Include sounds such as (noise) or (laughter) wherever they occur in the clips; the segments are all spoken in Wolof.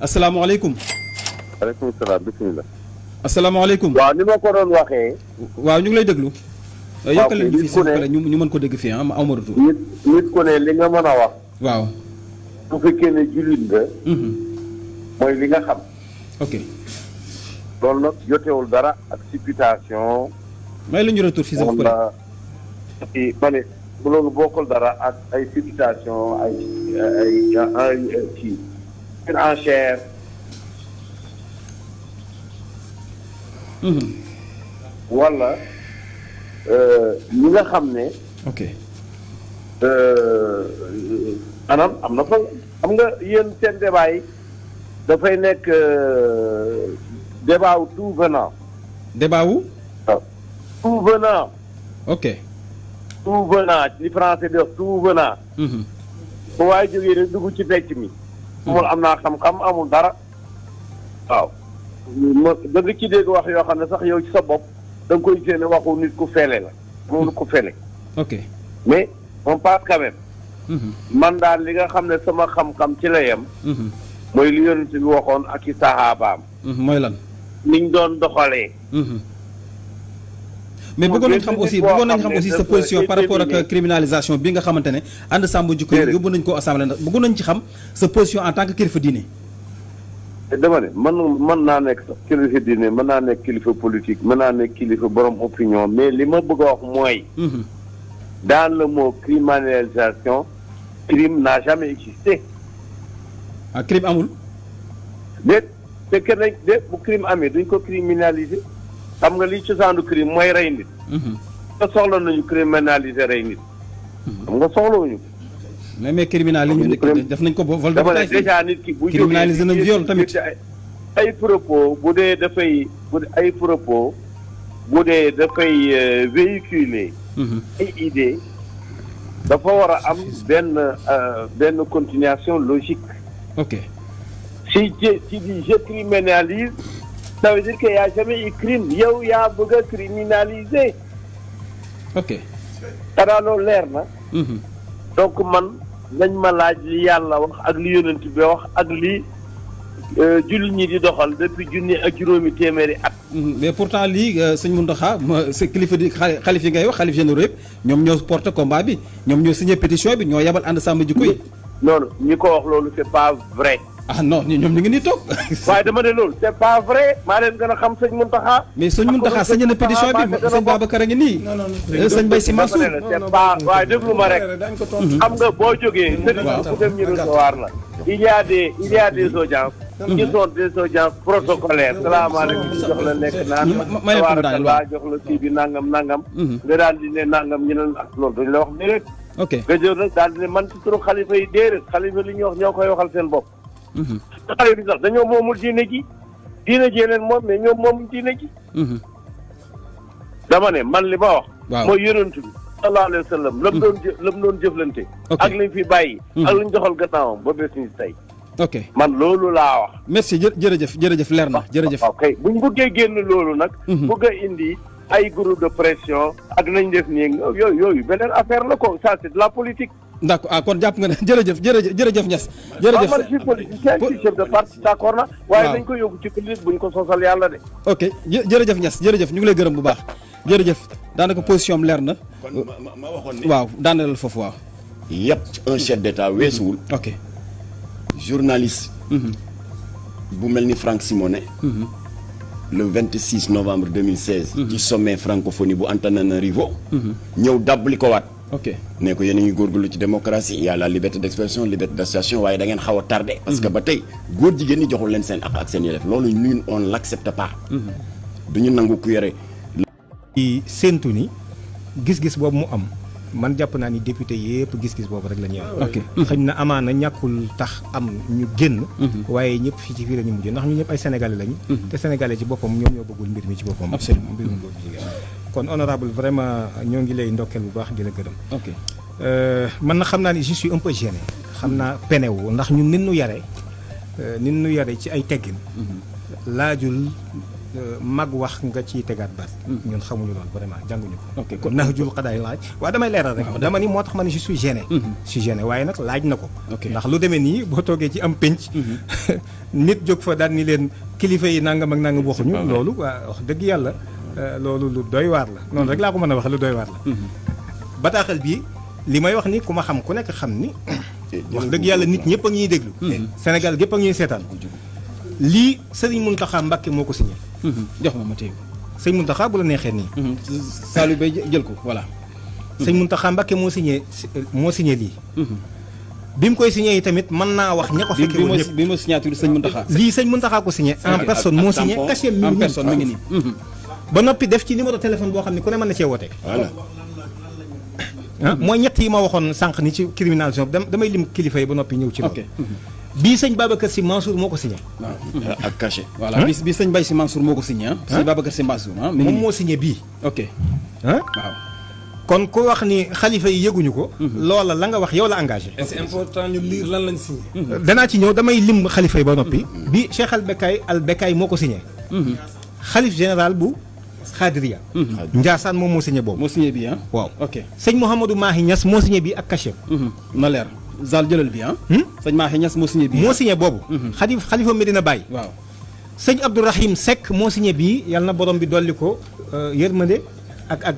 asalaamaaleykum. waaleykum salaam bisimilah. asalaamaaleykum. waaw ni ma ko doon waxee. waaw ñu ngi lay déglu. yokkal leen fii si ñu ñu mën ko dégg fii ah ma aw nit nit ku ne li nga mën a wax. waaw. bu fekkee ne jullit nga. Mm-hmm. mooy li nga xam. ok. loolu nag jotewul dara ak supputation. may la ñu retour fii sax wala loolu bokkul dara ak ay supputation ay ay ay kii. une enchère. Mhm. wala euh, ñi nga xam ne. ok. maanaam euh, am na fa am nga yéen seen débat dafay nekk euh, débat wu tout venant. débat ah. tout venant. ok. tout venant li français di tout venant. bu mhm. waay jógee rek dugg ci pecc mi. amul am naa xam-xam amul dara waaw ma ci dégg wax yoo xam ne sax yow ci sa bopp da nga koy génne waxu nit ku fele la moom ko fele ok mais on passe mhm. man daal li nga xam ne sama xam-xam ci la yam mhm. mooy li yonent bi waxoon ak i saxaabaam mhm, mooy lan niñ doon doxalee mais bëggoon nañ xam aussi bëggoon nañ xam aussi sa position par rapport ak criminalisation bi nga xamante ne ànd sàmm jikko yóbbu nañ ko assemblée ndax bëggu nañ ci xam sa position en tant que kilifa diine. dama ne man mën naa nekk sax kilifa diine mën naa nekk kilifa politique mën naa nekk kilifa borom opinion mais li ma bëgg a wax mooy. Mhm. dans la mot criminalisation crime n'a jamais existé. ah crime amul. déet te kenn dañ déet bu crime amee duñ ko criminaliser xam nga li cosaanu crime mooy rey nit. Mhm. te soxla nañu criminaliser rey nit. Mhm. xam nga soxlawuñu ko mais mais criminal yi ñu def nañ ko bo vol de place déjà nit ki bu criminalisé nañ viol tamit ay propos bu dee dafay bu dee ay bu dee dafay euh, véhiculer mhm. ay dafa war a am benn euh, benn continuation logique ok si je si di je criminalise ça veut dire jamais eu crime yow yaa bëgg a criminaliser ok xanaa leer na mhm. donc man nañ ma laaj li yàlla wax ak li yonent bi wax ak li euh, jullit ñi di doxal depuis junni ak juróomi téeméeri at. Mm-hmm. mais pourtant lii euh, sëñ Mountakha ma sa kilifa di xalif yi ngay wax xalif généraux yëpp ñoom ñoo porte combat bi ñoom ñoo signé pétition bi ñoo yabal ànd sàmm jikko yi. noonu ñi ko wax loolu c'est pas vrai. ah non ñoom ñu ngi nii toog. waaye dama ne loolu c'est pas vrai. maa leen gën a xam sëñ Mountakha. mais sëñ Mountakha sañ na pétition bi sëñ Babacar a ngi nii. non non non sëñ Mbaye Sy Mansour. c'est pas waaye déglu ma rek. xam nga boo jógee. waaw sëñ bi dem ñu recevoir la. il y a des il y a des audiences. qui sont des audiences protocolaires. salaamaaleykum jox la lekk naan. ma ma jox la kii bi nangam nangam. nga daal di ne nangam ñu ne loolu duñ la wax nii rek. ok nga jël man ci turu xalifa yi déedéet xalifa li ñoo koy waxal seen bopp Mm-hmm. taxaw bi sax dañoo moomul diine ji diine jee leen moom mais ñoom moomul diine ji mm-hmm. dama ne man li ma wax mooy yonent bi sallallahu alayhi wa sallam lam mm-hmm. doon lam doon ak lañ fi bàyyi ak lañ doxal gannaawam ba bés ni tey ok man loolu laa wax merci jërëjëf jërëjëf leer na jërëjëf ok buñ bëggee génn loolu nag bëgg indi ay groupe de pression ak nañ def nii yooyu yooyu beneen affaire la ko ça c'est de la politique d' accord ah kon jàpp nga ne (laughs) jërëjëf jërëjëf jërëjëf Niass. jërëjëf waaw man na. waaye nañ ko yóbbu ci ko sosal yàlla de. jërëjëf Niass jërëjëf ñu ngi lay gërëm bu baax jërëjëf daanaka position am leer na. kon ma ma waxoon ni waaw daanaka foofu waaw. yëpp un chef d' état weesuwul. ok journaliste. Mhm. bu mel ni Franck Simonet. Mhm. le 26 novembre 2016. Mhm. ci sommet francophonie bu Antananarivo. ñëw dàbbali ko waat. ok ne ko yéen a ngi góorgóorlu ci démocratie y a la liberté d'expression liberté d'association waaye da ngeen xaw a tardé. Mm-hmm. parce que ba tey góor jigéen ñi joxul leen seen ak ak seen yelef loolu ñun on l'accepte pas. Mm-hmm. du ñu nangu ku yore. i séentu ni gis-gis boobu mu am man jàpp naa ni député yépp gis-gis boobu rek la ñuy am. Ah, ok (laughs) xëy na amaana ñàkkul tax am ñu génn. Mm-hmm. waaye ñëpp fii ci fii la ñu mujj ndax ñu ñëpp ay sénégalais lañu. te sénégalais ci boppam ñoo ñoo bëggul mbir mi ci boppam. absolument mbirum góor jigéen kon honorable vraiment ñoo ngi lay ndokkeel bu baax di la gërëm. ok euh, man na xam naa ni je suis un peu xam naa pene ndax ñu nit ñu yare euh, nit ñu yare ci ay teggin. Mhm. laajul euh, mag wax nga ci tegaat baat. Mhm. ñun xamuñu loolu vraiment jànguñu ko. ok kon naxjul xadaay laaj. waaw damay leeral rek dama ni moo tax ma ne je suis gêné. Mhm. je waaye nag laaj na ko. ndax lu demee nii boo toogee ci am pénc. (laughs) nit jóg fa daal ni leen kilifa yi nangam ak nangam waxuñu. loolu waa wax dëgg yàlla. Euh, loolu lu doy waar la. noonu rek laa ko mën a wax lu doy waar la. Mhm. bataaxal bii li may wax ni ku ma xam ku nekk xam ni. (coughs) wax dëgg yàlla nit ñëpp a ngi ñuy déglu. Mhm. senegal gépp a ngi ñuy seetaan. lii Serigne Mountakha Mbacké moo ko signé. Mhm. jox ma ma téye ko. sëñ la neexee nii. Saliou Bey ko voilà. sëñ Mountakha Mbacké moo signé moo signé lii. bi mu koy signé yi tamit mën naa wax ña ko fekkee woon ñëpp bi ma signature sëñ Mountakha. lii sëñ Mountakha ko signé en personne moo signé cachet mi ngi nii. ba noppi def ci numéro téléphone boo xam ne ku ne mën na cee woote. Ah, mooy ñett yi ma waxoon sànq ni ci criminalisation damay lim kilifa ba noppi ñëw ci loolu. Mhm. bii sëñ Babacar Sy Mansour ah, ak cachet. voilà bi bi sëñ Baye Sy Mansour moo ko signé ah. sëñ Babacar ah. moom wax ni xalifa yi yëguñu ko. Mhm. loola la nga wax yow la engagé. c'est important lan lañ signé. Mhm. Euh, ci ñëw damay lim xalifa yi ba noppi. bi Cheikh Albekaay Albekaay moo ko signé. xalif général bu. xaadiriya Ndiassane moom moo signé boobu moo signé bi ah waaw ok sëñ Mouhamadou moo signé bi ak cachet mhm. na leer zal jëlal bi ah hmm? sëñ Mahi Niass moo signé bi moo signé boobu mhm. xalif xalifa Medina Baye waaw sëñ Abdourahim Seck moo signé bii yal na borom bi dolli ko euh, yërmande ak ak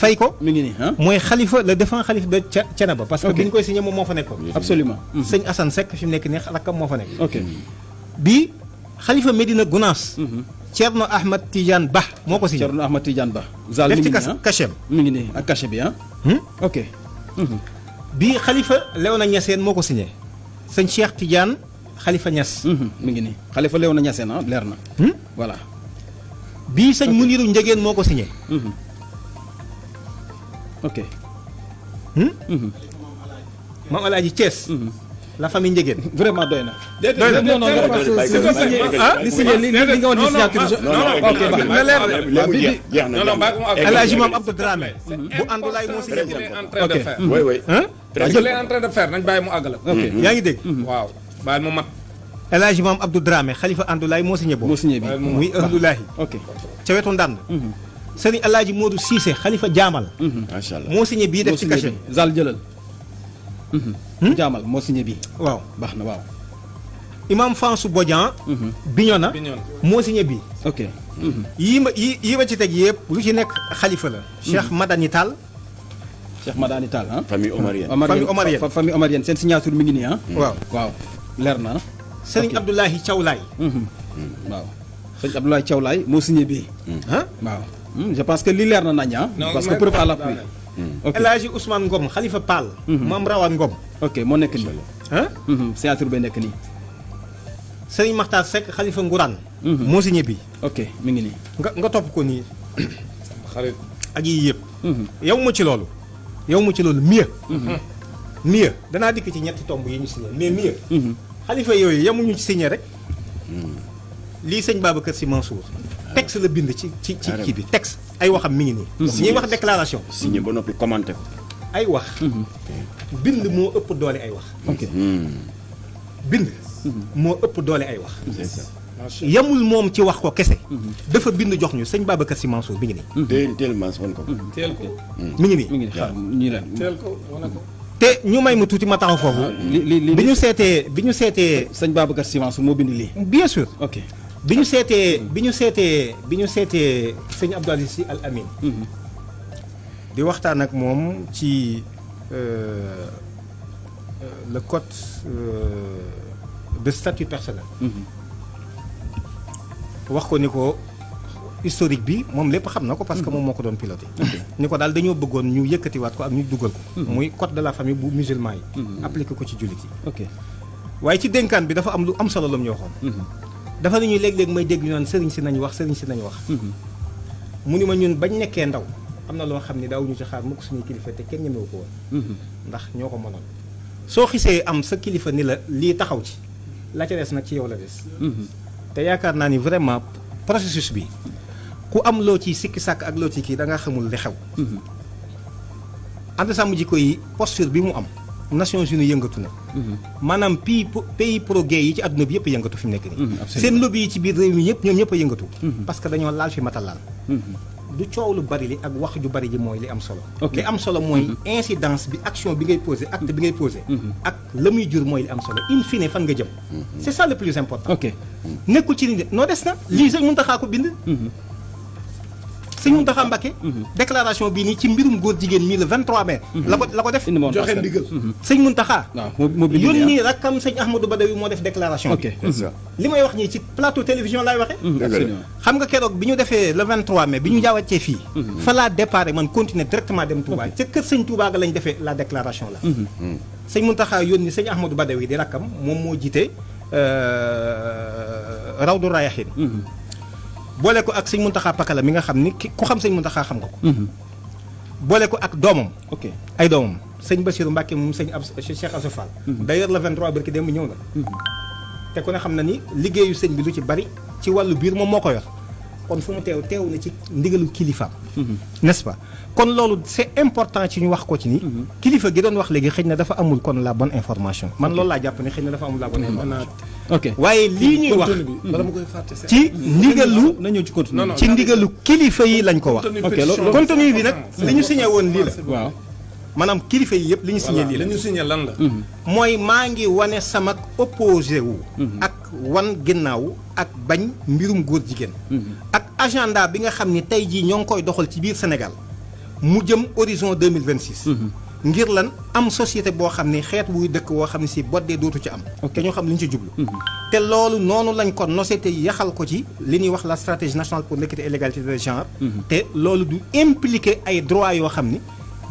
fay ko mi ngi nii ah? mooy xalifa le défend xalifa de Thiénaba parce que bi ñu koy signé moom moo fa nekkoon absolument sëñ Assane Seck fi nekk nii rakkam moo fa nekk bi xalifa Medina Gounass. Mhm. Thierno Ahmed Tidiane Ba moo ko si. Thierno Ahmed Tidiane Ba. ngi def ci ah? cachet bi ah. Hmm? ok. Mhm. bii xalifa Léona moo ko signé. sëñ Cheikh Tidiane xalifa Niass. Mhm, mi ngi nii xalifa Léona Niassène ah leer na. Hmm? voilà. bii sëñ Muniru Njegeen moo ko signé. ok. Hmm? maam Alaaji Thiès. la famille Ndiéguène vraiment doy na. doy ah, na non non li si li li nga woon di signature na leer na bi bu àndulaay moo signature ok hmm. oui ah, mu àggale. ok hmm. ngi dégg. Hmm. waaw baal mu mat. El Hadj Mame Abdou Dramé xalifa àndulaay moo signé boobu. moo signé bi muy àndulaay. ok ca wetu ndànd. sëriñ El Hadj Modou Cissé xalifa jaamal. macha moo signé bii def ci cachet. Mm-hmm. Hmm? jaamal moo signé bi waaw baax na waaw imam Fansu Bodian mm-hmm. Bignona moo signé bi mm-hmm. yii ma yi yii ma ci teg yëpp lu ci nekk xalifa la Cheikh Madani Tall Cheikh famille omarienne famille omarienne seen signature mi ngi nii waaw leer na Sëriñ Abdoulaye Thiawlaay waaw sëñ Abdoulaye Thiawlaay moo signé bii waaw mm, je pense que lii leer na nañ parce que preuve à l'appui Mm. El Hadji Ousmane xalifa Khalifa Pall. Mm-hmm. maam Rawaan Ngom. ok moo nekk nii. ah. théâtre bay nekk nii. Serigne Makhtar Seck Khalifa Ngourane. Mm-hmm. moo si ñëbbi. ok mu ngi nii. nga nga topp ko nii. (coughs) xarit ak yii yëpp. yow ma ci loolu. yow ma ci loolu (coughs) mieux. danaa dikk ci ñetti tomb yi ñu signé mais mieux. xalifa yooyu yemuñu ci signé rek. Mm. lii sëñ Babacar Sy Mansour. Ah. texte la bind ci ci ci kii bi texte. ay waxam mi ngi nii. ñuy wax déclaration. signé ba noppi commenté ko. ay wax. Mhm. bind moo ëpp doole ay wax. Mhm. bind. Mhm. moo ëpp doole ay wax. yamul moom ci wax ko kese. dafa bind jox ñu sëñ Babacar Sy Mansour mi ngi nii. teel ko. teel ko mi ngi nii. mi ngi te ñu may ma tuuti ma taxaw foofu. Ah, li li bi ñu seetee bi ñu seetee. sëñ Babacar Sy Mansour moo bind lii. bien sûr bi ñu seetee bi ñu seetee bi ñu seetee sëñ Abdou Aziz Sy Al Amin di waxtaan ak moom ci euh, euh, le code euh, de statut personnel wax ko ni ko historique bi moom lépp xam na ko parce que moom moo ko doon piloté ni ko daal dañoo bëggoon ñu yëkkatiwaat ko ak ñu dugal ko muy code de la famille bu musulman yi mhm. appliqué ko ci jullit yi waaye ci dénkaan bi dafa am lu am solo la ñu dafa ne ñu léeg-léeg may dégg ñu naan sëriñ si nañ wax sëriñ si nañ wax. Mhm. mu ni ma ñun bañ nekkee ndaw am na loo xam ne daawuñu ci xaar mukk suñuy kilifa te kenn ñemewu ko woon. Mhm. ndax ñoo ko mënoon. soo xisee am sa kilifa ni la lii taxaw ci la ca nag ci yow la des. Mhm. te yaakaar naa ni vraiment processus bi ku am loo ciy sikki sàkk ak loo ci kii da nga xamul li xew. ànd sàmm jikko yi posture bi mu am. Nations Unies yëngatu na. Mhm. maanaam pays pays pro gay yi ci àdduna bi yëpp yëngatu fi mu nekk nii. Mhm, seen lobby yi ci biir réew mi yëpp ñoom ñëpp a yëngatu. Mhm. parce que dañoo laal fi mata du coow lu bari li ak wax ju bari ji mooy li am solo. li am solo mooy incidence bi action bi ngay posé bi ngay posé. ak la muy jur mooy li am solo in fine fan nga jëm. c'est ça le plus important. nekkul ci nit noo des na lii sax mënut a ko bind. sëñ Mountakha Mbacké mhm. mhm. déclaration bii nii ci mbirum góor jigéen mii le 23 mais la ko la ko def joxe ndigal sëñ Mountakha yón nii rakkam sëñ Ahmadou Badawi moo def déclaration bi li may wax nii ci plateau télévision lay waxee mhm, xam nga keroog bi ñu defee le 23 mais bi ñu jaawàccee fii fa laa déparé man continuer directement dem Touba ca kër sëñ Touba ga lañ defee la déclaration la sëñ Mountakha yónni sëñ Ahmadou Badawi di rakkam moom moo jiite euh, Rawdu Rayahin boole ko ak sëñ Muntaxa Pakala mi nga xam ni ku xam sëñ Muntaxa xam nga ko. Mhm. boole ko ak doomam. ok ay doomam sëñ Basiru Mbàkke mu sëñ ab Cheikh Abdou Fall. Mhm. d'ailleurs le 23 barki démb ñëw na. Mhm. te ku ne xam na ni liggéeyu sëñ bi lu ci bari ci wàllu biir moom moo ko yor. kon fu mu teew teew na ci ndigalu kilifa n'est-ce kon loolu c'est important ci ñu wax ko ci ni. Mhm. kilifa gi doon wax léegi xëy na dafa amul kon la bonne information. man loolu laa jàpp ne xëy na dafa amul la bonne mhm. information. ok waaye lii ñuy wax. ci ndigalu. na ñëw ci continue ci ndigalu kilifa yi lañ ko wax. ok contenu bi nag li ñu signé woon lii la. maanaam kilifa yi yëpp li ñu signé lii la li ñu lan la. Mhm. mooy maa ngi wane sama opposé wu. Mhm. ak wan ginnaaw ak bañ mbirum góor jigéen. Mhm. ak agenda bi nga xam ni tey jii ñoo ngi koy doxal ci biir Sénégal mu jëm horizon deux mille vingt six. ngir lan am société boo xam ne xeet wuy dëkk woo xam ne si boddee dootu ci am. te ñoo xam li ñu ci jublu. te loolu noonu lañ ko noseete yaxal ko ci li ñuy wax la stratégie nationale pour l'équité et l'égalité des genres. te loolu du impliquer ay droit yoo xam ni.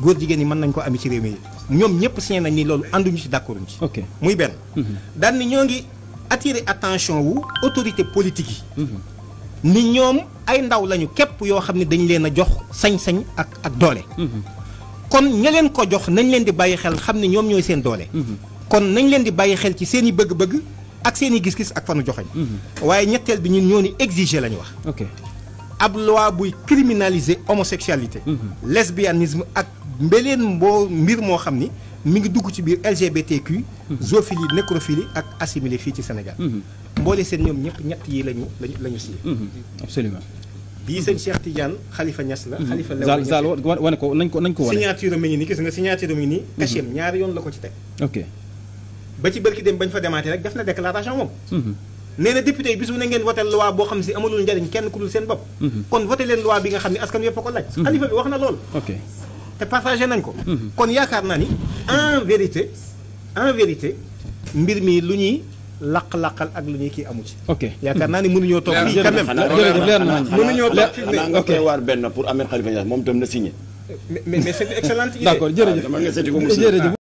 góor jigéen ñi mën nañ ko ami ci réew mi ñoom ñëpp signé nañ ni loolu ànduñu ci d'accord ñu ci. muy benn. Mm-hmm. daan ni ñoo ngi attirer attention wu autorité politique yi. Mm-hmm. ni ñoom ay ndaw lañu képp yoo xam ne dañ leen a jox sañ-sañ ak ak doole. Mm-hmm. kon ña leen ko jox nañ leen di bàyyi xel xam ne ñoom ñooy seen doole. kon nañ leen di bàyyi xel ci seen i bëgg-bëgg ak seen i gis-gis ak fanu joxañ waaye ñetteel bi ñu ñoo ni exiger la ñu wax. ab loi buy criminaliser homosexualité. lesbianisme ak. mbeleen mboo mbir moo xam ni mi ngi dugg ci biir LGBTQ. Mhm. zoophilie nécrophilie ak assimilé fii ci Sénégal. Mhm. mboole seen ñoom ñëpp ñett yi lañu lañu lañu si. Mhm. absolument. bii sëñ Cheikh Tidiane xalifa Niass la. xalifa lew la zaal wane ko nañ ko nañ ko wane. ngi nii gis nga signature mi ñaari yoon la ko ci teg. ok ba ci barki dem bañ fa demaatee rek def na déclaration moom. nee na yi bis bu ne ngeen voté boo xam si amalul njariñ kenn ku dul seen bopp. kon voté leen loi bi nga xam ne askan yëpp a ko laaj. wax na lool. ok te partagé nañ ko. kon yaakaar naa ni en vérité en vérité mbir mi lu ñuy. laq-laqal ak lu ñuy kii amu ci. ok yaakaar naa ni mënuñoo toog fii quand même jërëjëf leer naa mënuñoo toog fii mais nga koy waar benn pour Ahmed Khalifa Niass moom tam na signé. mais mais c'est une excellente idée. d'accord jërëjëf ah, jërëjëf